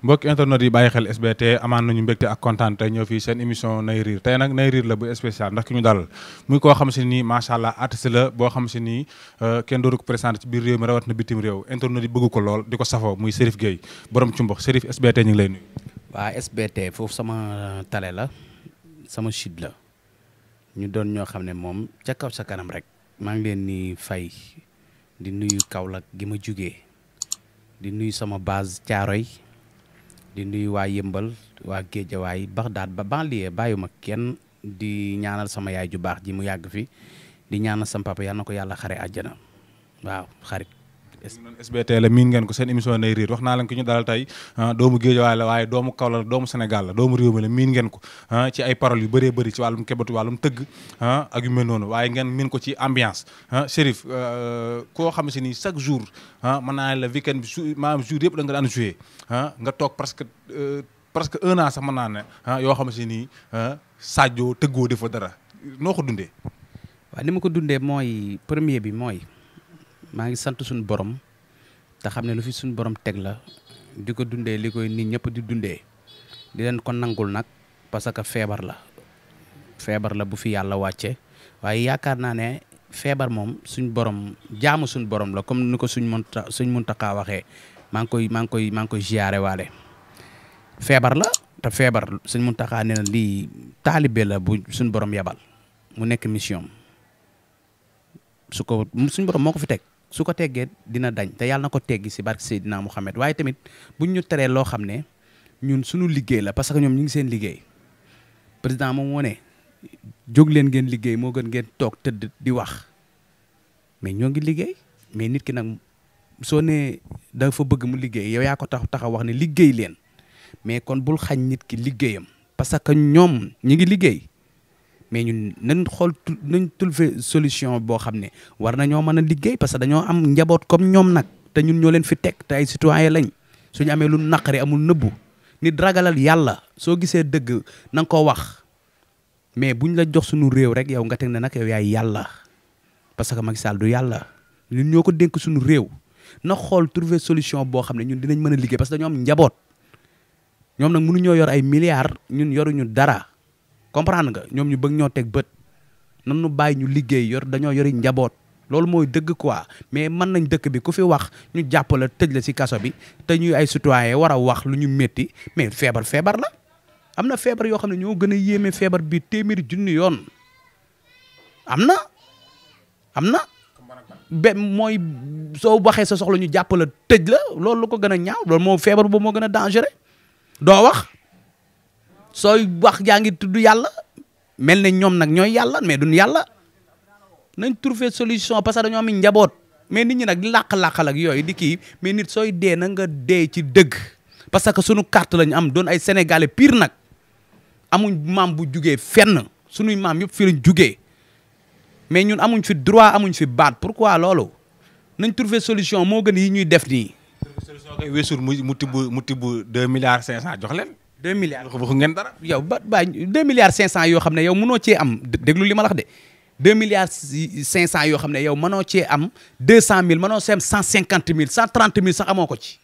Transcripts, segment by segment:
mbokk internet yi bàyyi xel SBT amaan nañu mbégte ak kontaan tey ñëw fii seen émission nay riir tey nag nay riir la bu spécial ndax ki ñu daal muy koo xam si ni macha allah artiste la boo xam si nii euh, kenn dooru ko présenté ci biir réew mi rawat na bitim réew internet yi bëgg ko lool di ko safoo muy Cherif géey borom ci mbox Cherif SBT ñu ngi lay nuyu. waa SBT foofu sama tale la sama chute la ñu doon ñoo xam ne moom ca kaw sa kanam rek maa ngi leen ni fay di nuyu Kaolack gi ma jugee di nuyu sama base Thiaroye. di nuyu waa yëmbal waa géejawaay baxdaat ba banlieue bàyyuma kenn di ñaanal sama yaay ju baax ji mu yàgg fi di ñaanal sama papa yal na ko yàlla xare àjjana waaw xarit SBT la miin ngeen ko seen émission nay riir wax naa leen ko ñu dalal tey ah, doomu Géejawaay la waaye doomu Kaolack la doomu Sénégal la doomu réew miin ngeen ko ah, ci ay paroles yu bëree bëri ci wàllum kebatu wàllum tëgg ah, ak yu mel noonu waaye ngeen miin ko ci ambiance Chérif euh, koo xam si ni chaque jour mën naa la weekend bi su jour yëpp da nga daan joué nga toog presque euh, presque un an sax mën naa ne yoo xam si ni Sadio tëggoo defa dara noo ko dundee ni ma ko dundee mooy premier bi mooy maa ngi sant suñu borom te xam ne lu fi suñu borom teg la di ko dundee li koy ni ñëpp di dundee di leen kon nangul nag parce que feebar la feebar la bu fi yàlla wàcce waaye yaakaar naa ne feebar moom suñ borom jaamu suñ borom la comme ni ko suñ munta suñ muntaxaa waxee maa ngi koy maa koy maa koy ziyaare waale feebar la te feebar suñ muntaxaa nee na lii taalibe la bu suñ borom yebal mu nekk mission su ko suñ borom moo ko fi teg su ko teggee dina dañ te yàlla na ko teggi si barke Seydina Mouhamed waaye tamit buñ ñu teree loo xam ne ñun suñu liggéey la parce que ñoom ñu ngi seen liggéey président moom moo jóg leen ngeen liggéey moo gën ngeen toog tëdd di wax mais ñoo ngi liggéey mais nit ki nag soo nee dafa bëgg mu liggéey yow yaa ko tax taxaw wax ne liggéey leen mais kon bul xañ nit ki liggéeyam parce que ñoom ñi ngi liggéey mais ñun nañ xool nañ trouver solution boo xam ne war nañoo mën a liggéey parce que dañoo am njaboot comme ñoom te ñun ñoo leen fi teg te ay citoyen lañ suñu amee lu naqari amul nëbbu nit ragalal yàlla soo gisee dëgg na ko wax mais buñ la jox suñu réew rek yow nga teg ne nag yaay yàlla parce que Macky Sall yàlla ñun ñoo ko dénk suñu réew na xool trouver solution boo xam ne ñun dinañ mën a liggéey parce que dañoo am njaboot ñoom nag mënuñoo yor ay milliards ñun ñun dara comprendre nga ñoom ñu bëgg ñoo teg bët nan nu bàyyi ñu liggéey yor dañoo yori njaboot loolu mooy dëgg quoi mais mën nañ dëkk bi ku fi wax ñu jàpp la tëj la si kaso bi te ñuy ay citoyen war a wax lu ñu métti mais feebar feebar la am na feebar yoo xam ne ñoo gën a yéeme feebar bi téeméeri junni yoon am na am na be mooy soo waxee sa soxla ñu jàpp la la loolu lu ko gën a ñaaw loolu moo feebar boobu moo gën a dangereux doo wax sooy wax yaa ngi tudd yàlla mel ne ñoom nag ñooy yàlla mais duñ yàlla nañ trouver solution parce que dañoo am njaboot mais nit ñi nag làq-làqal ak yooyu di kii mais nit sooy dee na nga dee ci dëgg parce que sunu carte la ñu am doon ay sénégalais pire nag amuñ mam bu jugee fenn sunuy maam yëpp fi lañ jugee mais ñun amuñ fi droit amuñ fi baat pourquoi loolu nañ trouver solution moo gën yi ñuy def nii. solution kay weesul mu tibb mu tibb deux milliards cinq cent jox leen. deux milliards waxu ngeen dara. yow ba ba deux milliards cinq ne yow mënoo cee am déglu li ma la wax de deux milliards cinq cent yoo xam ne yow mënoo cee am deux cent mille mënoo cee am cent cinquante mille cent trente mille sax ko ci.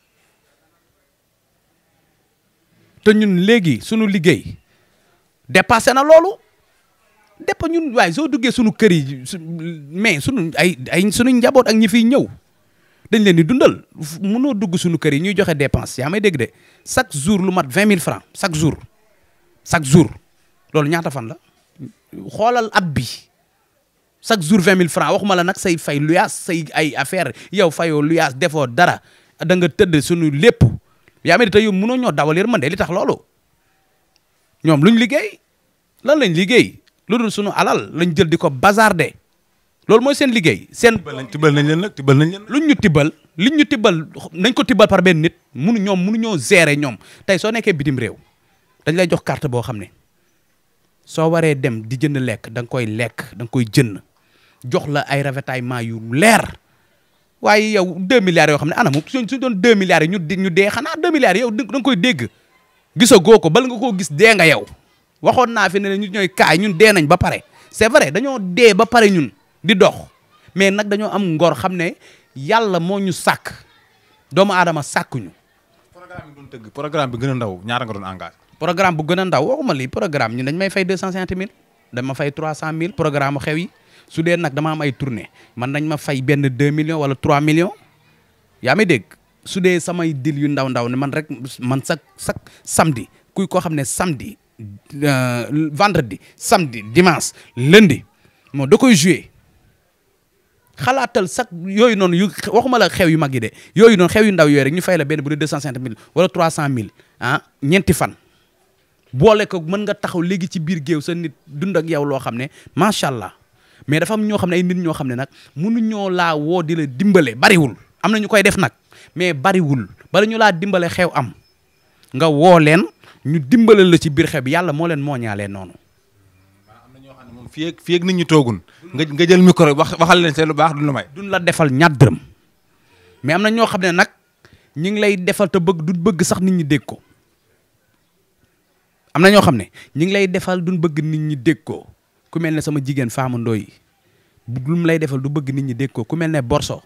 te ñun léegi sunu liggéey dépassé na loolu dépp ñun waaye soo duggee suñu kër yi mais suñu ay ay suñu njaboot ak ñi fiy ñëw. dañ leen di dundal mënoo dugg suñu kër yi ñuy joxe dépense yaa may dégg de chaque jour lu mat vingt mille francs chaque jour chaque jour loolu ñaata fan la xoolal at bi chaque jour vingt mille francs waxuma la nag say fay luyaas say ay affaire yow fayoo luyaas defoo dara da nga tëdd suñu lépp yaa may de tey ñoo mënoo ñoo dawal yërmande li tax loolu ñoom luñ liggéey lan lañ liggéey lu dul suñu alal lañ jël di ko bazarder loolu mooy seen liggéey seen. tibbal nañ leen nag tibbal nañ leen. luñ ñu tibbal liñ ñu tibbal nañ ko tibbal par benn nit munu ñoom munu ñoo gérer ñoom tey soo nekkee bitim réew dañ lay jox carte boo xam ne soo waree dem di jënd lekk da koy lekk da nga koy jënd jox la ay ravitaillement yu leer waaye yow 2 milliards yoo xam ne anamu suñ suñ doon 2 milliards yi ñu di ñu dee xanaa 2 nga koy dégg gisagoo ko bala nga koo gis dee nga yow waxoon naa fi ne ñu ñooy kaay ñun dee nañ ba pare c'est vrai dañoo dee ba pare ñun. di dox mais nag dañoo am ngor xam ne yàlla moo ñu sàkk doomu aadama sàkkuñu. ñu bi tëgg programme bi gën a ndaw ñaata nga doon engagé. programme bu gën a ndaw ma lii programme ñu dañ may fay deux cent cinquante mille dama fay trois cent mille programme xew yi su dee nag dama am ay tournée man ma fay benn deux millions wala trois millions yaa may dégg su dee samay dil yu ndaw ndaw ne man rek man sax sak samdi kuy koo xam ne samdi euh, vendredi samedi dimanche lundi moo da koy joué xalaatal sax yooyu noonu yu waxuma la xew yu mag yi de yooyu noonu xew yu ndaw yooyu rek ñu fay la benn bu dee deux cent cinquante mille wala trois cent mille ah ñeenti fan. boole ko mën nga taxaw léegi ci biir géew sa nit dund ak yow loo xam ne macha allah mais dafa ñoo xam ne ay nit ñoo xam ne nag mënuñoo laa woo di la dimbale bariwul am na ñu koy def nag mais bariwul bala ñu laa dimbale xew am nga woo leen ñu dimbale la ci biir xew bi yàlla moo leen moo ñaalee noonu. fii ak fii ak nit ñi toogun nga nga jël micro wax waxal leen seen lu baax dun la may. duñ la defal ñaar dërëm mais am na ñoo xam ne nag ñi ngi lay defal te bëgg duñ bëgg sax nit ñi dégg ko am na ñoo xam ne ñi ngi lay defal duñ bëgg nit ñi dégg ko ku mel ne sama jigéen Fama Ndoye lu lay defal du bëgg nit ñi dégg ko ku mel ne Borso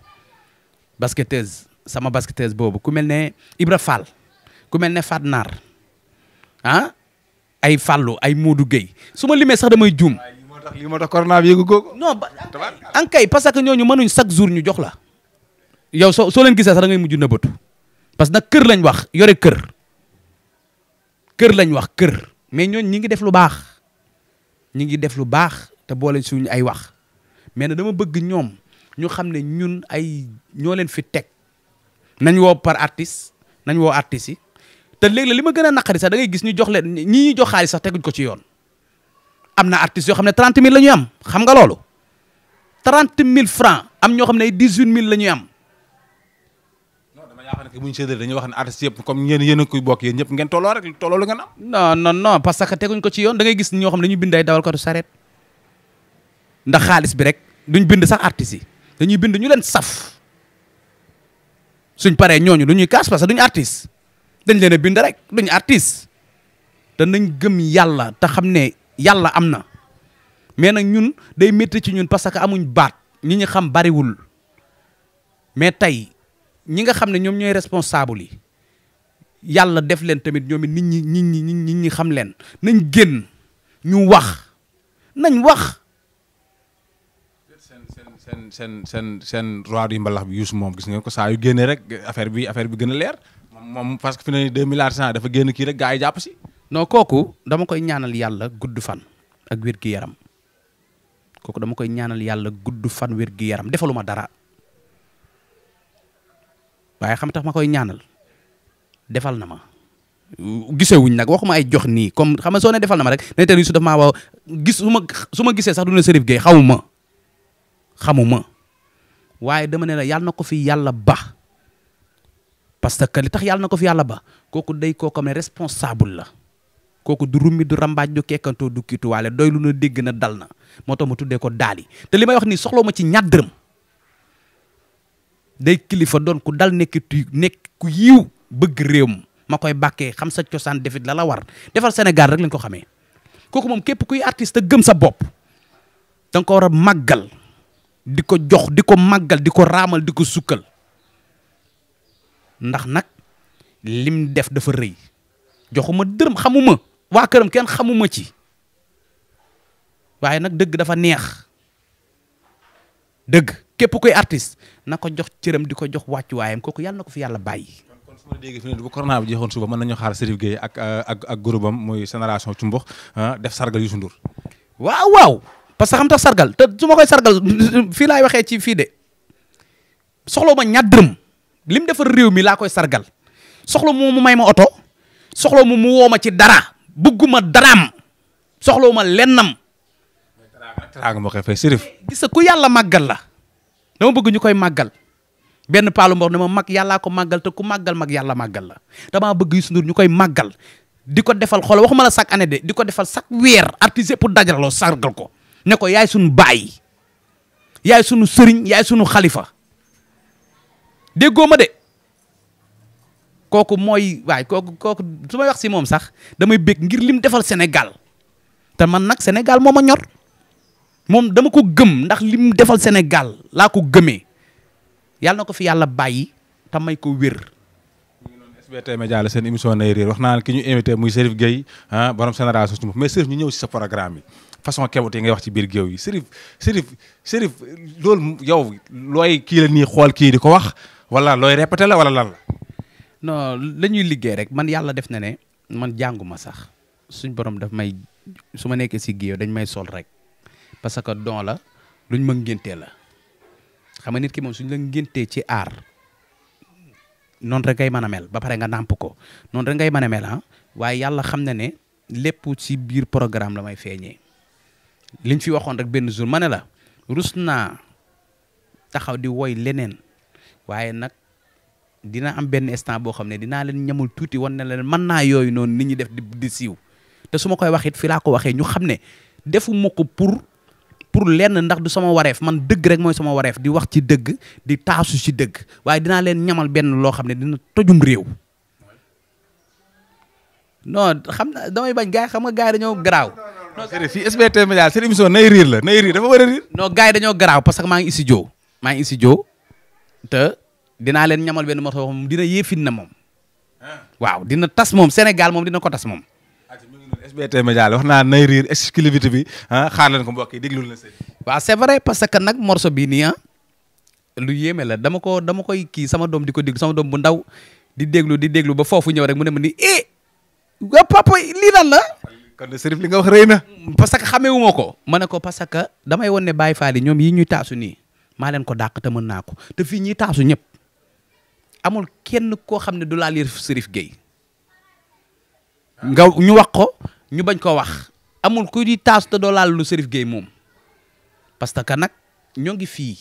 basketteuse sama basketteuse boobu ku mel ne Ibra Fall ku mel ne Fat Naar ah ay Fallou ay Modou Gueye su ma limee sax damay juum. tax lii moo tax corona bi ko. non ba ankay parce que ñooñu mënuñ chaque jour ñu jox la. yow soo soo leen gisee sax da ngay na nëbbatu parce que nag kër lañ wax yore kër kër lañ wax kër mais ñooñ ñi ngi def lu baax ñi ngi def lu baax te boole suñu ay wax mais na dama bëgg ñoom ñu xam ne ñun ay ñoo leen fi teg nañ woo par artiste nañ woo artistes yi te léeg la li ma gën a naqari sax da ngay gis ñu jox leen ñi ñuy jox xaalis sax teguñ ko ci yoon am na artistes yoo xam ne trente mille la ñuy am xam nga loolu trente mille francs am ñoo xam ne ay dix huit mille la ñuy am. non dama yaakaar ne bu ñu séddale dañuy wax ne artistes yëpp comme yéen yéen a bokk yéen ñëpp ngeen tolloo rek tolloo la ngeen am. non que teguñ ko yoon da ngay gis ñoo xam ne dañuy bind ay sareet ndax xaalis bi rek duñ bind sax artistes yi dañuy bind ñu leen saf suñ paree ñooñu du ñuy kaas parce que duñ artiste dañ leen bind rek duñ artiste te nañ gëm yàlla te xam ne yàlla am na mais nag ñun day métti ci ñun parce que amuñ baat ñi ñu xam bariwul mais tey ñi nga xam ne ñoom ñooy responsable yi yàlla def leen tamit ñoom it nit ñi nit ñi nit ñi ñi xam leen nañ génn ñu wax nañ wax. seen seen seen seen seen roi du mbalax bi Youssou moom gis ngeen ko saa yu génnee rek affaire bi affaire bi gën a leer moom parce fi ne nii milliards cent dafa génn kii rek gaa yi jàpp si. non kooku dama koy ñaanal yàlla gudd fan ak wér yaram kooku dama koy ñaanal yàlla gudd fan wér gi yaram defaluma dara waaye xam tax ma koy ñaanal defal na ma. gisee wuñ nag waxuma ay jox nii comme xam nga soo ne defal na ma rek dañu teel su def maa waaw gis su ma su ma gisee sax du ne Cherif Gueye xamuma xamuma waaye dama ne la yàlla na ko fi yàlla ba parce que li tax yàlla na ko fi yàlla ba kooku dey koo xam ne responsable la. kooku du rummi du rambaaj du kekkantoo du kiituwaale doy lu na dégg na dal na moo tax ma tuddee ko daali te li may wax ni soxloo ma ci ñaat dërëm day kilifa doon ku dal nekk nekk ku yiw bëgg réewam ma koy bàkkee xam sa cosaan defit lala war defar Sénégal rek lañ ko xamee kooku moom képp kuy artiste gëm sa bopp danga ko war a màggal di ko jox di ko màggal di ko raamal di ko sukkal ndax nag lim def dafa rëy joxuma dërëm xamuma waa këram kenn xamuma ci waaye nag dëgg dafa neex dëgg képp koy artiste na ko jox cëram di ko jox wàccuwaayam kooku yàlla na ko fi yàlla bàyyi. kon su ma déggee fi bu corona bi jeexoon suba mën nañu xaar Serif Gueye ak euh, ak ak groupe Cumbox euh, def sargal Youssou Ndour. waaw waaw parce que xam tax sargal te su ma koy sargal fii laay waxee ci fii de soxla ma ñaar dërëm lim defar réew mi laa koy sargal soxla mu mu may ma oto soxla mu mu ma ci dara. bugguma daraam soxlawuma lennam. teraanga moo koy fay sërif. ku yàlla màggal la. dama bëgg ñu koy màggal. benn paalu mbor ne ma mag yàllaa ko màggal ku màggal mag yàlla màggal la damaa bëgg Youssou Ndour ñu koy màggal. di ko defal xool waxuma la chaque année de di ko defal chaque weer artiste pour dajaloo sargal ko ne ko yaay sunu baay yaay sunu sëriñ yaay sunu xalifa déggoo de. kooku mooy waay kooku kooku su may wax si moom sax damay bëgg ngir lim defal Sénégal te man nag Sénégal moo ma ñor moom dama ko gëm ndax lim defal Sénégal laa ko gëmee yàlla na ko fi yàlla bàyyi tam may ko wér. SBT Média la seen émission nay réer wax naa ki ñu invité muy Serif Gueye ah borom général mais Serif ñu ñëw si sa programme yi façon kebut yi ngay wax ci biir géew yi Serif Serif Serif loolu yow looy kii la nii xool kii di ko wax wala looy répété la wala lal la. non la ñuy liggéey rek man yàlla def na ne man jànguma sax suñ borom daf may su ma nekkee si géew dañ may sol rek parce que don la luñ ma ngéntee la xam nga nit ki moom suñ la ngéntee ci aar noonu rek ngay mën ba pare nga nàmp ko noonu rek ngay mën a ah waaye yàlla xam na ne lépp ci biir programme la may feeñee liñ fi waxoon rek benn jour ma ne la rus naa taxaw di woy leneen waaye nag dina am benn instant boo xam ne dinaa leen ñamul tuuti wan na leen mën naa yooyu noonu nit ñi def di di siiw te su ma koy wax it ko waxee ñu xam ne defuma ko pour pour lenn ndax du sama wareef man dëgg rek mooy sama wareef di wax ci dëgg di taasu ci dëgg waaye dinaa leen ñamal benn loo xam ne dina tojum réew. non xam na damay bañ gars xam nga gars yi dañoo garaaw. non fii SBT Média seen émission nay la nay riir a riir. non gars yi parce que maa ngi studio maa ngi studio te. dinaa leen ñamal benn morceau moom dina yéefin na moom ah. waaw dina tas moom Sénégal moom dina ko tas moom. SBT Média la wax naa bi ah, xaar ko mbokk yi déglul na sëñ waaw c'est vrai que nag morso bii nii ah, lu yéeme la dama ko dama koy kii sama doom di ko déglu sama doom bu ndaw di déglu di déglu ba foofu ñëw rek mu ne ma ni eh nga papa lii lan la. kon Serif li nga wax rëy na. parce que xamee wu ko. ma ne ko parce que damay won ne Baye Fall ñoom yi ñuy taasu nii maa leen ko dàq te mën naa ko te fii ñuy taasu ñëpp. amul kenn koo xam ne du laa liir Serif Gueye nga ñu wax ko ñu bañ koo wax amul ku di taas te doo laal lu Serif Gueye moom parce que nag ñoo ngi fii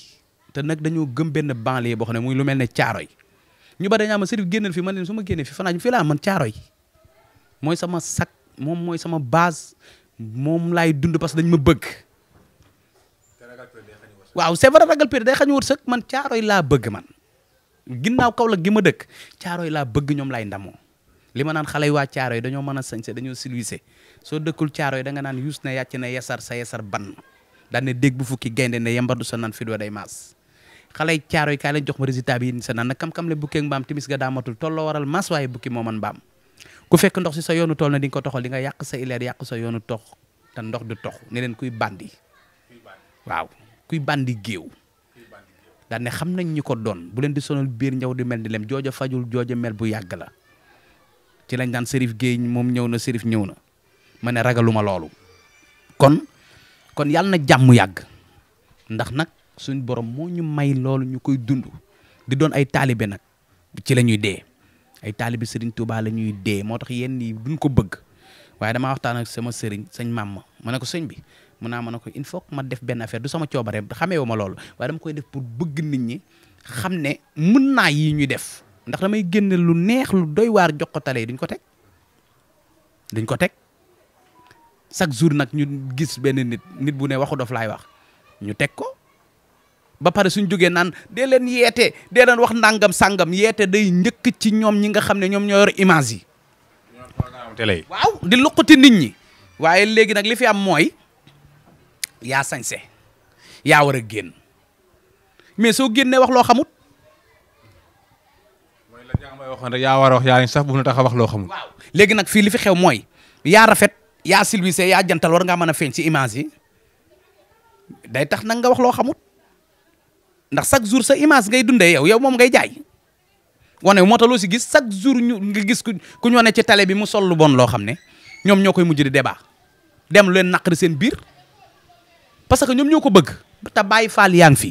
te nag dañoo gëm benn banlieue boo xam ne muy lu mel ne caaroy ñu ba dañaa ma Serif génnal fi man leen su ma génnee fi fanaa fi laa man caaroy mooy sama sac moom mooy sama base moom laay dund parce que dañ ma bëgg waaw c'est vrai ragal péré day xañ wërsëg man caaroy laa bëgg man ginnaaw Kaolack gi ma dëkk Caaroy laa bëgg ñoom lay ndamoo li ma naan xale yi waa Caaroy dañoo mën a sañse dañoo silwise soo dëkkul caaro da danga naan yuus na yàcc na yesar sa yesar ban daan ne dégg bu fukki gaynde ne yembadu sa naan fi doo day mas xale yi Caaroy kaay lañ jox ma yi bi sa naan nag kam-kam le bukkeeg mbaam timis ga daamatul tolloo waral maas waaye bukki moo man mbaam ku fekk ndox si sa yoonu tool na di ko toxal di nga yàq sa ileer yàq sa te ndox du tox ne leen kuy bandi waaw kuy bandi géew daan xam nañ ñi ko doon bu leen di sonal biir njaw di mel ni lem jooja fajul jooja mel bu yàgg la ci lañ daan sërif géey moom ñëw na sërif ñëw na ma ne ragaluma loolu kon kon yàlla na jàmm yàgg ndax nag suñ borom moo ñu may loolu ñu koy dund di doon ay taalibe nag ci la ñuy dee ay taalibe sëriñ Touba la ñuy dee moo tax yenn yi duñ ko bëgg waaye dama waxtaan ak sama sëriñ sëñ maam ma ne ko sëñ bi mun naa mën a ko in faut ma def benn affaire du sama coobare xamee wu ma loolu waaye dama koy def pour bëgg nit ñi xam ne mun naa yi ñuy def ndax damay génne lu neex lu doy waar jox ko tale yi ko teg duñ ko teg chaque jour nag ñu gis benn nit nit bu ne waxu dof laay wax ñu teg ko ba pare suñ jógee naan dee leen yeete dee leen wax nangam sàngam yeete day njëkk ci ñoom ñi nga xam ne ñoom ñoo yor image yi. waaw di luqati nit ñi. waaye léegi nag li fi am mooy yaa sañse yaa war a génn mais soo génnee wax loo xamut. mooy la jàmbay waxoon rek yaa war a wax yaa sax bu mu tax a wax loo xamut. waaw léegi nag fii li fi xew mooy yaa rafet yaa silvisé yaa jantal war ngaa mën a feeñ si image yi day tax nag nga wax loo xamut ndax chaque jour sa image ngay dundee yow yow moom ngay jaay. wane moo tax loo si gis chaque jour ñu nga gis ku ñu wane ci télé bi mu sol lu bon loo xam ne ñoom ñoo koy mujj dee débat dem leen naqari seen biir. parce que ñoom ñoo ko bëgg te Baye Fall yaa ngi fi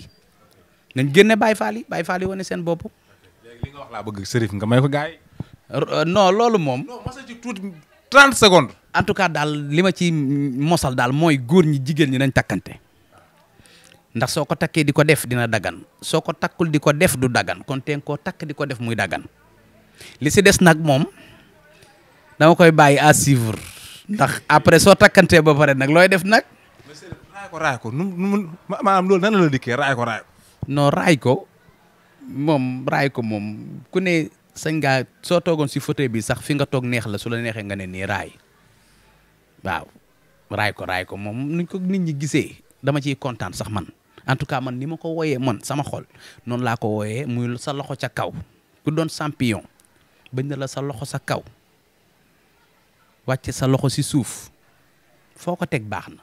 nañ génne Baye Fall yi Baye Fall yi wane seen bopp. léegi laa bëgg sërif nga may ko gars yi. Euh, loolu moom. non mos en tout cas daal li ma ci mosal daal mooy góor ñi jigéen ñi nañ takkante ndax soo ko takkee di ko def dina dagan soo ko takkul di ko def du dagan kon teen koo takk di ko def muy dagan li si des nag moom dama koy bàyyi à suivre ndax après soo takkantee ba pare nag looy def nag. raay ko raay ko nu mu maanaam loolu nan la dikkee raay ko raay ko. raay ko moom raay ko moom ku ne sañ soo toogoon si fauteuil bi sax fi nga toog neex la su la neexee nga ne nii raay waaw raay ko raay ko moom nuñ ko nit ñi gisee dama ciy kontaan sax man en tout cas man ni ma ko wooyee man sama xol noonu laa ko wooyee muy sa loxo ca kaw ku doon champion bañ na la sa loxo sa kaw wàcce sa loxo si suuf foo ko teg baax na.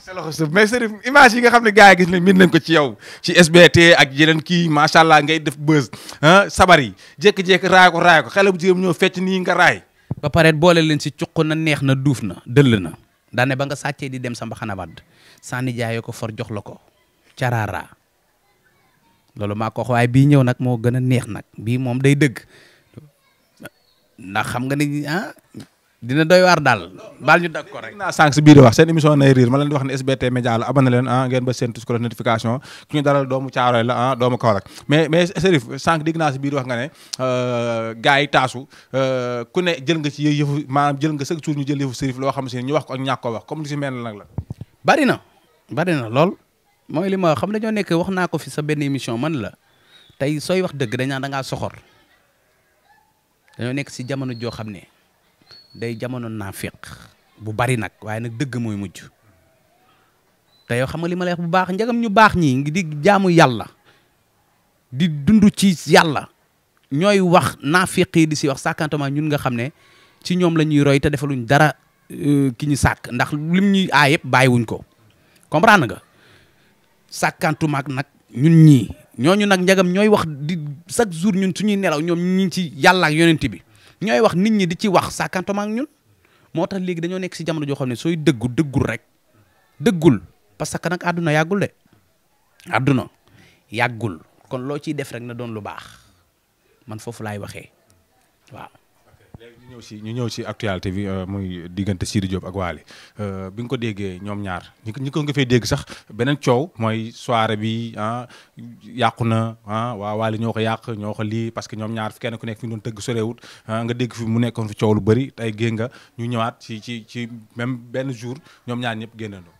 sa loxo mais Serif yi nga xam ne gars yi gis nañ miin nañ ko ci yow ci SBT ak yeneen kii macha allah ngay def buzz ah sabar yi jékki-jékki raay ko raay ko xale bu ñëw fecc nii nga raay. ba pare boole leen si cuq na neex na duuf na dëll na daane ba nga sàccee di dem sambaxana mbaxana wadd sànni jaayoo ko for jox la ko caraara loolu maa ko wax bii ñëw nag moo gën a neex nag bii moom day dëgg ndax xam nga ni ah dina doy waar daal baal ñu dag ko rek naa sànq si biir wax seen émission nay riir ma leen di wax ne SBT Média la abonné leen ah ngeen ba seen ko notification ki ñu dalal doomu Caaroy ah, doomu Kaolack mais mais Serif sànq dégg naa si biir wax nga ne euh, gars yi taasu euh, ku ne jël nga ci yëfu maanaam jël nga chaque jour ñu jël yëfu Serif loo xam si ñu wax ko ak ñàkk ko wax comme li si mel nag la bari na bari na lool mooy li ma xam dañoo nekk wax naa ko fi sa benn émission man la tey sooy wax dëgg dañaa da ngaa soxor dañoo nekk si jamono joo xam ne day jamono naa féq bu bari nag waaye nag dëgg mooy mujj te yow xam nga li ma lay bu baax njagam ñu baax ñii ngi di jaamu yàlla di dund ci yàlla ñooy wax naafiq yi di si wax sàkkantama ñun nga xam ne ci ñoom la ñuy roy te defaluñ dara euh, ki ñu sàkk ndax lim ñuy aay yëpp bàyyiwuñ ko comprendre nga sàkkantumaak nag ñun ñii ñooñu nag njagam ñooy wax di chaque jour ñun suñuy nelaw ñoom ñi ci yàlla ak yonent bi ñooy wax nit ñi di ci wax sàkkantuma ak ñun moo tax léegi dañoo nekk si jamono joo xam ne sooy dëggu dëggul rek dëggul parce que nag àdduna yàggul de àdduna yàggul kon loo ciy def rek na doon lu baax man foofu laay waxee waaw ñëw ñu ñëw si actualité bi euh, muy diggante Sidy Diop ak Wally euh, bi nga ko déggee ñoom ñaar ñi ko ñi nga fay dégg sax beneen coow mooy soirée bi ah yàqu na ah waa Wally ñoo ko yàq ñoo ko lii parce que ñoom ñaar fi kenn ku nekk fi ñu doon tëgg sorewut ah, nga dégg fi mu nekkoon fi coow lu bëri tey génn nga ñu ñëwaat ci ci ci même benn jour ñoom ñaar ñëpp génnandoo.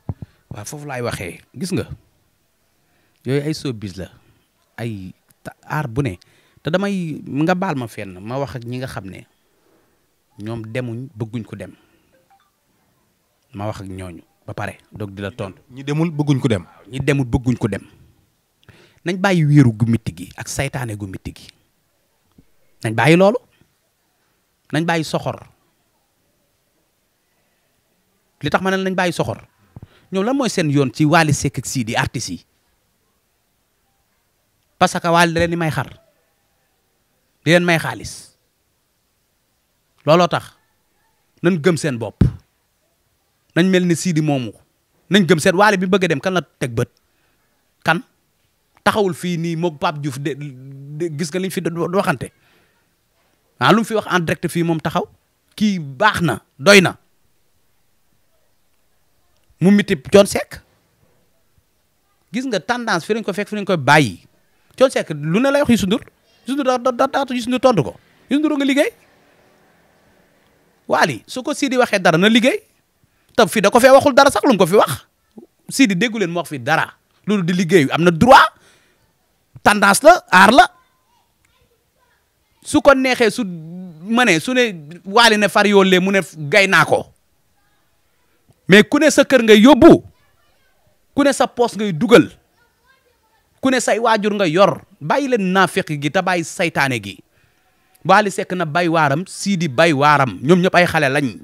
waaw foofu laay waxee gis nga yooyu ay showbiz la ay aar bu ne te damay nga baal ma fenn ma wax ak ñi nga xam ne. ñoom demuñ bëgguñ ko dem ma wax ak ñooñu ba pare dog di la tontu. ñi demul bëgguñ ko dem. ñi demul bëgguñ ko dem nañ bàyyi wéeru gu mitti gi ak seytaane gu mitti gi nañ bàyyi loolu nañ bàyyi soxor li tax ma na nañ bàyyi soxor ñoom la mooy seen yoon ci Wally Seck ak sii di artistes yi parce que Wally da leen may xar di leen may xaalis. looloo tax nañ gëm seen bopp nañ mel ni Sidi moomu nañ gëm seen waale bi bëgg a dem kan la teg bët kan taxawul fii nii moog Pape Diouf de gis nga liñ fi waxante ah lu mu fi wax en direct fii moom taxaw kii baax na doy na mu miti Thione Seck gis nga tendance fi lañ ko fekk fi lañ koy bàyyi Thione Seck lu ne lay wax Youssou Ndour Youssou Ndour daa daa daa Youssou Ndour tontu ko Youssou Ndour nga liggéey. waali su ko Sidi waxee dara na liggéey te fi da ko fee waxul dara sax lu ko fi wax Sidi déggu leen wax fi dara loolu di liggéey am na droit tendance la aar la su ko neexee su ma su ne waali ne far yoolee mu ne gay naa ko mais ku ne sa kër ngay yóbbu ku ne sa poos ngay dugal ku ne say waajur nga yor bàyyi leen naa naafeq gi te bàyyi saytaane gi Waly sekk na bay waaram Sidi bay waaram ñoom ñëpp ay xale lañ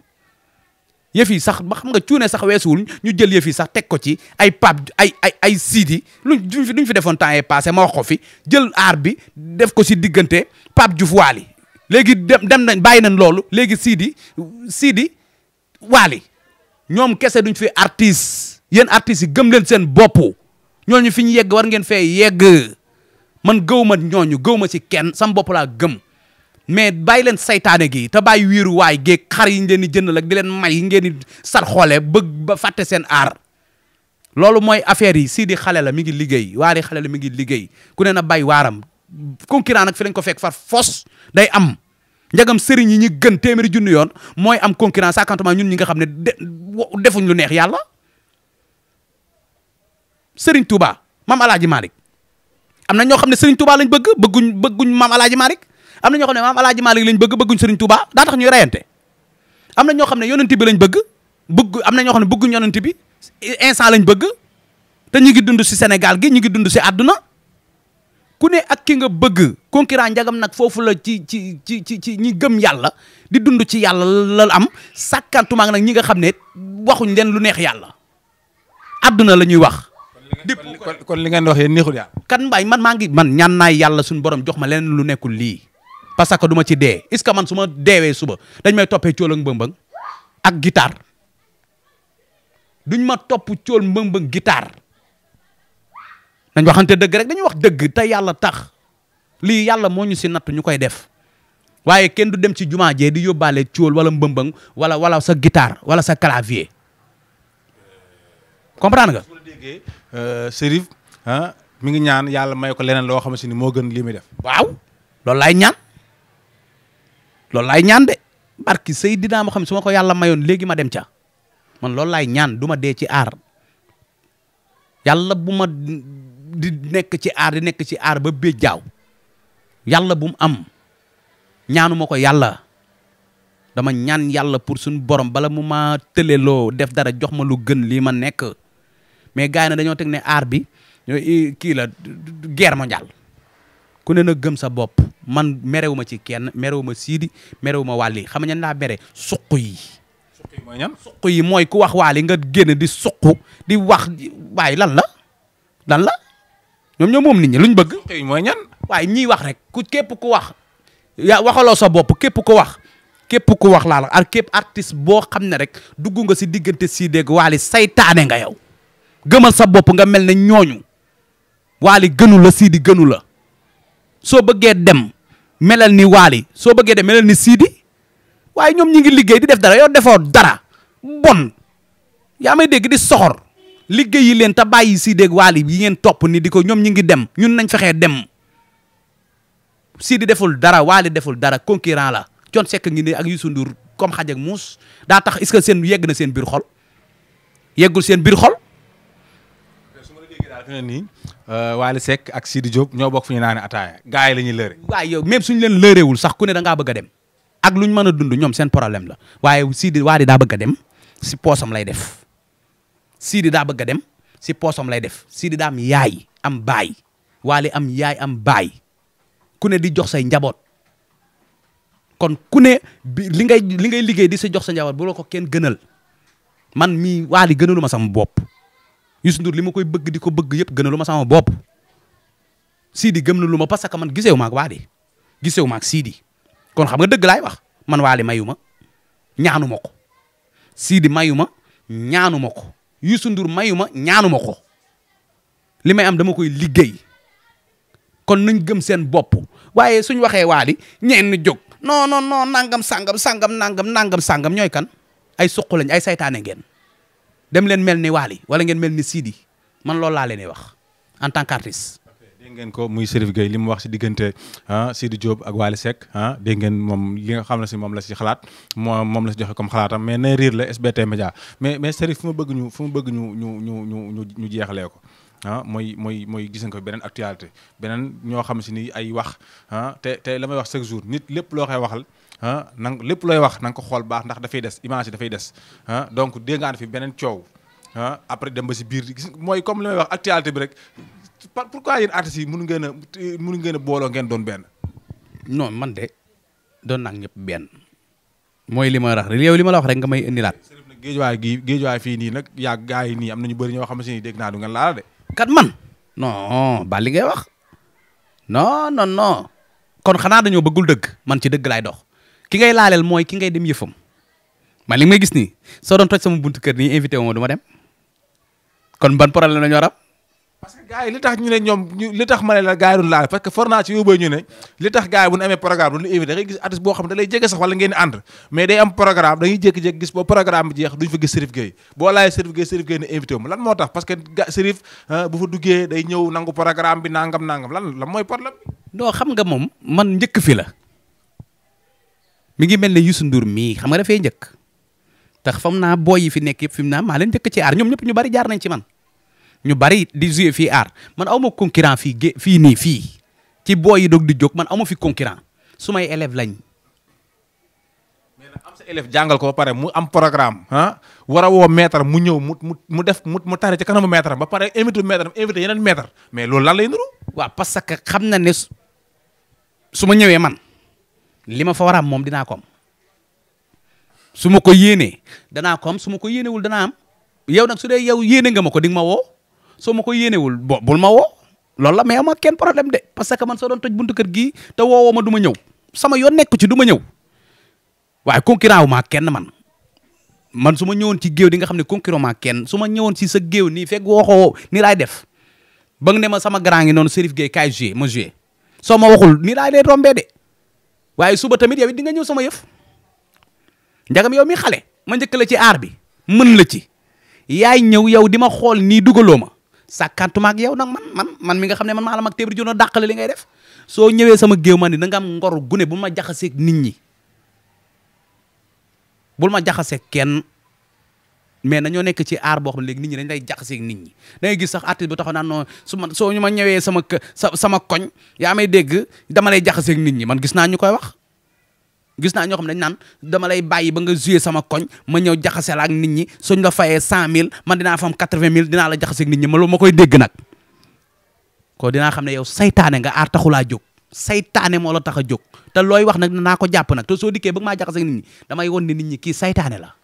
yëf yi sax ba xam nga cuune sax weesuwul ñu jël yëf yi sax teg ko ci ay pap ay ay ay Sidi luñ duñ fi duñ fi defoon temps yii passé ma wax ko fi jël aar bi def ko si diggante Pape Diouf Waly léegi dem dem nañ bàyyi nañ loolu léegi Sidi Sidi Waly ñoom kese duñ fi artiste yéen artistes yi gëm leen seen bopp ñooñu fi ñu yegg war ngeen fee yegg man gëw ñooñu gëw ma ci kenn sam bopp laa gëm. mais bàyyi leen seytaane gi te bàyyi wéeruwaay géeg xar yi ngeen di jënd ak di leen may yi ngeen di sar xoole bëgg ba fàtte seen aar loolu mooy affaire yi sii di xale la mi ngi liggéey waari xale la mi ngi liggéey ku ne na bàyyi waaram concurrent nag fi lañ ko fekk far fos day am njagam sëriñ yi ñi gën téeméeri junni yoon mooy am concurrent sakantement ñun ñi nga xam ne defuñ lu neex yàlla sëriñ Touba maam Alaaji Malick am na ñoo xam ne sëriñ Touba lañ bëgg bëgguñ bëgguñ maam Alaaji Malick am na ñoo xam ne maam alaaji Maalik lañ bëgg bëgguñ sëriñ Touba daa tax ñuy am na ñoo xam ne yonent bi lañ bëgg bëgg am na ñoo xam ne bëgguñ yonent bi instant lañ bëgg te ñu ngi dund si senegal gi ñu ngi dund si adduna ku ne ak ki nga bëgg concurrent njagam nag foofu la ci ci ci ci ci ñi gëm yàlla di dund ci yàlla la am sàkkantumaak nag ñi nga xam ne waxuñ leen lu neex yàlla adduna la ñuy wax kon li ngeen wax yéen neexul yàlla. man maa ngi man ñaan naay suñu borom jox ma leneen lu nekkul lii parce que du ma ci dee est ce que man su deewee suba dañ may toppee cool ak mbëmbëng ak guitare duñ ma topp cool mbëmbëng guitare dañ waxante dëgg rek dañuy wax dëgg te yàlla tax lii yàlla moo ñu si nattu ñu koy def waaye kenn du dem ci jumaa jee di yóbbaale cool wala mbëmbëng wala wala sa guitare wala sa clavier comprendre nga. Euh, Serif ah, mi ngi ñaan yàlla may ko leneen loo xamante ni moo gën lii muy def. waaw loolu laay ñaan. loolu laay ñaan de barki Seydina moo xam su ma ko yàlla mayoon léegi ma dem ca man loolu laay ñaan du ma dee ci aar yàlla bu ma di nekk ci aar di nekk ci aar ba béj jaaw yàlla bum am ñaanu ma ko yàlla dama ñaan yàlla pour suñu borom bala mu ma loo def dara jox ma lu gën lii ma nekk mais gars yi na dañoo teg ne aar bi kii la guerre mondiale ku ne na gëm sa bopp man merewu ma ci kenn merewu ma siidi merewu ma wàll yi xam nga ñan laa mere suq yi. suq mooy suq yi mooy ku wax waali nga génn di suq di wax waaye lan la lan la ñoom ñoo moom ni ñi luñ bëgg. suq yi mooy ñan waaye ñiy wax rek ku kepp ku wax yaa waxaloo sa bopp képp ku wax. képp ku wax laa la ak képp artiste boo xam ne rek dugg nga si diggante sii dégg waali saytaane nga yow gëmal sa bopp nga mel ne ñooñu waali gënu la sii gënu la soo bëggee dem melal ni Waly soo bëggee dem melal ni Sidi waaye ñoom ñi ngi liggéey di def dara yow defoo dara bon yaa may dégg di soxor liggéey yi leen te bàyyi Sidi ak Waly yi ngeen topp ni di ko ñoom ñi ngi dem ñun nañ fexee dem Sidi deful dara Waly deful dara concurrent la Thione Seck ngi ne ak Youssou nduur comme xaj ak muus daa tax est-ce que seen yegg na seen biir xol yeggul seen biir xol fi ne nii euh, Waly Seck ak Sidi Diop ñoo bokk fu ñu yi la ñuy lëre waaw yow même suñu leen lëreewul ku ne da ngaa bëgg a dem ak mën a dund ñoom problème la waaye Sidi Waly daa bëgg a dem si poosam lay def Sidi daa bëgg a dem si poosam lay def Sidi daa am yaay am baay Waly am yaay am baay ku ne di jox say njaboot kon ku ne li ngay li ngay liggéey di sa jox sa njaboot bu ko kenn gënal man mi Waly gënalu ma sama bopp Youssou Ndour li ma koy bëgg di ko bëgg yëpp gënalu ma sama bopp Sidi gëm na lu ma parce que man gisewu maak ak Waly gisewu ma ak Sidi kon xam nga dëgg laay wax man Waly mayu ma ñaanu ma ko Sidi mayu ma ñaanu ma ko Youssou Ndour mayu ma ñaanu ma ko li may am dama koy liggéey kon nañ gëm seen bopp waaye suñ waxee Waly ñeen jóg non non non nangam sangam sangam nangam nangam sangam ñooy kan ay suq lañ ay saytaane ngeen. dem leen mel ni Waly wala ngeen mel ni siidi man loolu laa leen wax en tant qu'artiste. dégg ngeen ko muy Chérif Gueye li mu wax si diggante ah Sidi Diop ak Waly Seck ah dégg ngeen moom li nga xam na si moom la si xalaat moom moom la si joxe comme xalaatam mais nay riir la SBT Média mais mais Chérif fu ma bëgg ñu fu bëgg ñu ñu ñu ñu ñu jeexalee ko ah mooy mooy mooy gis nga ko beneen actualité beneen ñoo xam si ni ay wax ah te te la may wax chaque jour nit lépp loo koy waxal. ah na lépp looy wax na ko xool baax ndax dafay des image dafay des ah donc dégg ngaa fi beneen coow ah après dem ba si biir gis mooy comme li may wax actualité bi rek pourquoi yéen artistes yi mënu ngeen mënu ngeen a booloo ngeen doon benn. non man de doon naa ñëpp benn mooy li ma rek yow li ma la wax nga may indilaat. géejuwaay gi géejuwaay fii nii nag yaa gaa yi nii am na ñu bëri ñoo xam ne dégg naa du ngeen de. kat man non baa li ngay wax non non non kon xanaa dañoo bëggul dëgg man ci dëgg laay dox. ki ngay laaleel mooy ki ngay dem yëfam man li may gis nii soo doon toj sama buntu kër nii invité wu ma dem kon ban problème la ñu war a yi li tax ñu ne ñoom li tax ma ne la gars yi duñ laal forna ci tax gars yi bu ñu boo xam ne da lay jege sax wala ngeen di ànd mais day am programme da ngay jékki-jékki gis boo programme bi jeex duñ fa gis Serif Gueye boo laajee lan bi nangam nangam lan la mooy problème bi non xam nga moom man njëkk fi la mi ngi mel ne Youssou Ndour mii xam nga defee njëkk tax xam naa booy yi fi nekk yëpp fi mu naa maa leen njëkk ci aar ñoom ñëpp ñu bari jaar nañ ci man ñu bari di jouer fii aar man aw ma concurrent fii gé fii nii fii ci booy yi doog di jog man aw fi concurrent suma may élève lañ am sa élève jàngal ko ba pare mu am programme ah war woo maître mu ñëw mu mu mu def mu mu tare ci kanamu maître ba pare invité maître invité yeneen maître mais loolu lan lay nuru waaw parce que xam na ne su ma ñëwee man li ma fa war am moom dinaa ko su ma ko yéenee danaa ko am su ma ko yéenewul danaa am yow nag su dee yow yéene nga ma ko di ma woo soo ma ko yéenewul bo bul ma woo loolu la mais ama kenn problème de parce que man soo doon toj buntu kër gii te woowoo ma duma ma ñëw sama yoon nekku ci du ma ñëw waaye concurrent wu maa kenn man man su ma ñëwoon ci géew di nga xam ne concurrent maa kenn su ma ñëwoon si sa géew ni fekk waxoo nii laay def ba ne ma sama grand ngi noonu Serif Gueye kaay joué ma waxul waaye suba tamit yow it di ñëw sama yëf njagam yow mi xale ma njëkk la ci aar bi mën la ci yaay ñëw yow di ma xool nii dugaloo ma sàkkantuma ak yow nag man man man mi nga xam ne man maa la mag téebri jono dàqale li def soo ñëwee sama géew man ni da nga am ngor gune bu ma jaxaseeg nit ñi bul ma jaxaseeg kenn mais nañoo nekk ci aar boo xam ne léegi nit ñi dañ lay jaxaseeg nit ñi da gis sax artiste bu taxaw naan ma soo ñu ma ñëwee sama sama koñ yaa may dégg dama lay jaxaseeg nit ñi man gis naa ñu koy wax gis naa ñoo xam ne dañ naan dama lay bàyyi ba nga joué sama koñ ma ñëw jaxase la ak nit ñi suñ la fayee cent mille man dinaa fa am quatre-vingt mille dinaa la jaxaseeg nit ñi ma loolu ma koy dégg nag ko dina xam ne yow saytaane nga aar taxulaa jóg saytaane moo la tax a jóg te looy wax nag naa ko jàpp nag te soo dikkee bëgg maa jaxaseeg nit ñi damay won ne nit ñi kii saytaane la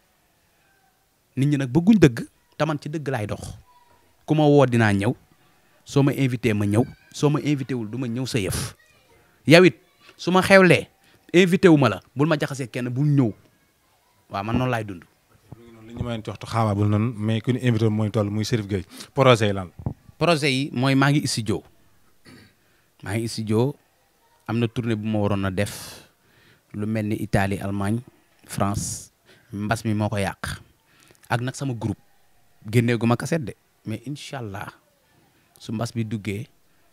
nit ñi nag bëgguñ dëgg taman ci dëgg laay dox ku ma woo dinaa ñëw soo ma invité ma ñëw soo ma invité wul du ma ñëw sa yëf yow it su ma xewlee invité wu ma la bul ma jaxasee kenn bul ñëw waaw man noon laay dund. li ñu mën a jox xaabaabul noonu mais ku ñu invité mooy toll muy Chérif Gueye projet yi lan projet yi mooy maa ngi studio maa ngi studio am na tournée bu ma waroon a def lu mel ni Italie Allemagne France mbas mi moo ko yàq. ak nag sama groupe génnee gu ma kaset de mais incha allah su mbas bi duggee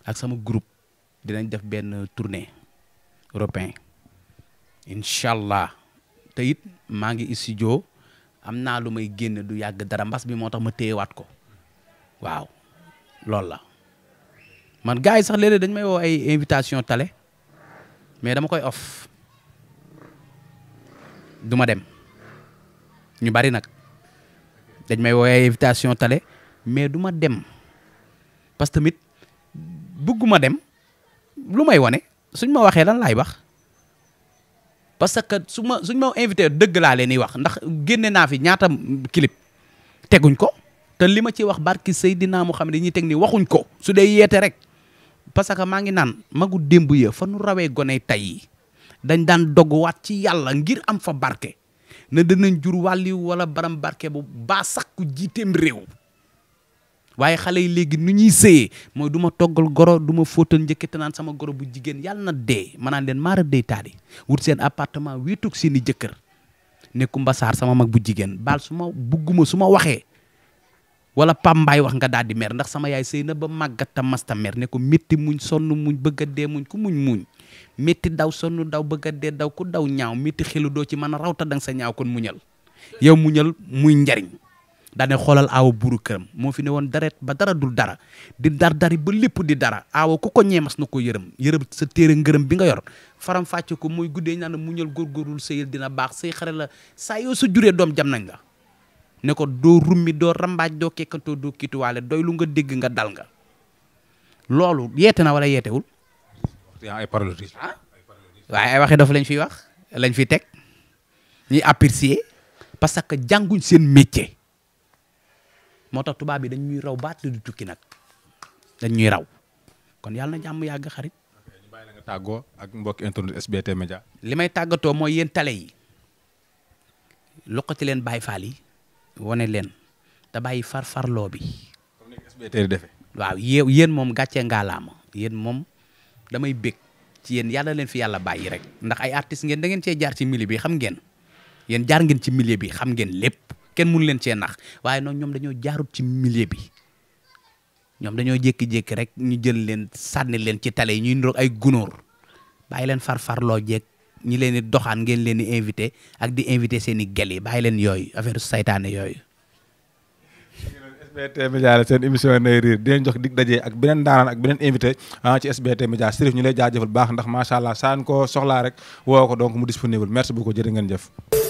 ak sama groupe dinañ def benn tournée européen incha allah te it maa ngi studio am naa lu may génn du yàgg dara mbas bi moo tax ma téyewaat ko waaw loolu la man gars yi sax léeg dañ may woo ay invitation tale mais dama koy off duma dem ñu bari nag dañ may woowee invitation tale mais duma dem parce que tamit bëgguma dem lu may wane suñ ma waxee lan laay wax parce que su ma suñ ma invité dëgg laa ni wax ndax génne naa fi ñaata kilip teguñ ko te li ma ci wax barki Seydina Muhammad ñi teg ni waxuñ ko su dee yeete rek parce que maa ngi naan magu démb ya fa nu rawee gone tey dañ daan dogguwaat ci yàlla ngir am fa barke na danañ jur wàlliw wala baram barke bu baa sax ku jiiteem réew waaye xale yi léegi nu ñuy sëyee mooy duma toggal goro duma ma fóotal njëkkate naan sama goro bu jigéen yàlla na dee manaan leen maara dey taali wut seen appartement wéetug seen i jëkkër ne Kumba sama mag bu jigéen baal su ma bugguma su ma waxee wala pambaay wax nga daal di mer ndax sama yaay sëy na ba màggat ta masta mer ne ko métti muñ sonn muñ bëgg a dee muñ ku muñ muñ métti daw sonn daw bëgg a dee daw ku daw ñaaw métti xelu doo ci mën a raw ta danga sa ñaaw kon muñal yow muñal muy njariñ daane xoolal aawa buuru këram moo fi ne woon daret ba dara dul dara di dar dari ba lépp di dara aawa ku ko ñeemas na ko yërëm yërëm sa téere ngërëm bi nga yor faram fàcce ko mooy guddee ñaan muñal góorgóorul sëyal dina baax say xare la saa yoo sa juree doom jam nañ nga ne ko doo rummi doo rambaaj doo kekkantoo doo kiituwaale doy lu nga dégg nga dal nga loolu yeete na wala ay paralotisme ah. waaye ay waxi dof lañ fiy wax lañ fiy teg ñuy apprécier parce que jànguñ seen métier moo tax tubaab bi dañ ñuy raw baat la du tukki nag dañ ñuy raw kon yàlla na jàmm yàgg xarit. ñu bàyyi la nga tàggoo ak mbokki internet SBT li may tàggatoo mooy yéen tale yi loqati leen Baay Faal yi wane leen te bàyyi farfarloo bi. comme waaw yéen moom gàccee ngaalaama yéen moom. damay bég ci yéen yàlla leen fi yàlla bàyyi rek ndax ay artistes ngeen da ngeen cee jaar ci milieu bi xam ngeen yéen jaar ngeen ci milieu bi xam ngeen lépp kenn mënu leen cee nax waaye noonu ñoom dañoo jaarut ci milieu bi ñoom dañoo jékki-jékki rek ñu jël leen sànni leen ci tale yi ñuy niroog ay gunóor bàyyi leen farfarloo jeeg ñi leen di doxaan ngeen leen di invité ak di invité seen i gel yi bàyyi leen yooyu affaire saytaane yooyu. SBT Média la seen émission nay riir di leen dig daje ak beneen daanaan ak beneen invité ah ci SBT Média Chérif ñu lay baax ndax macha allah saan ko soxlaa rek woo ko donc mu disponible merci beaucoup jërë ngeen jëf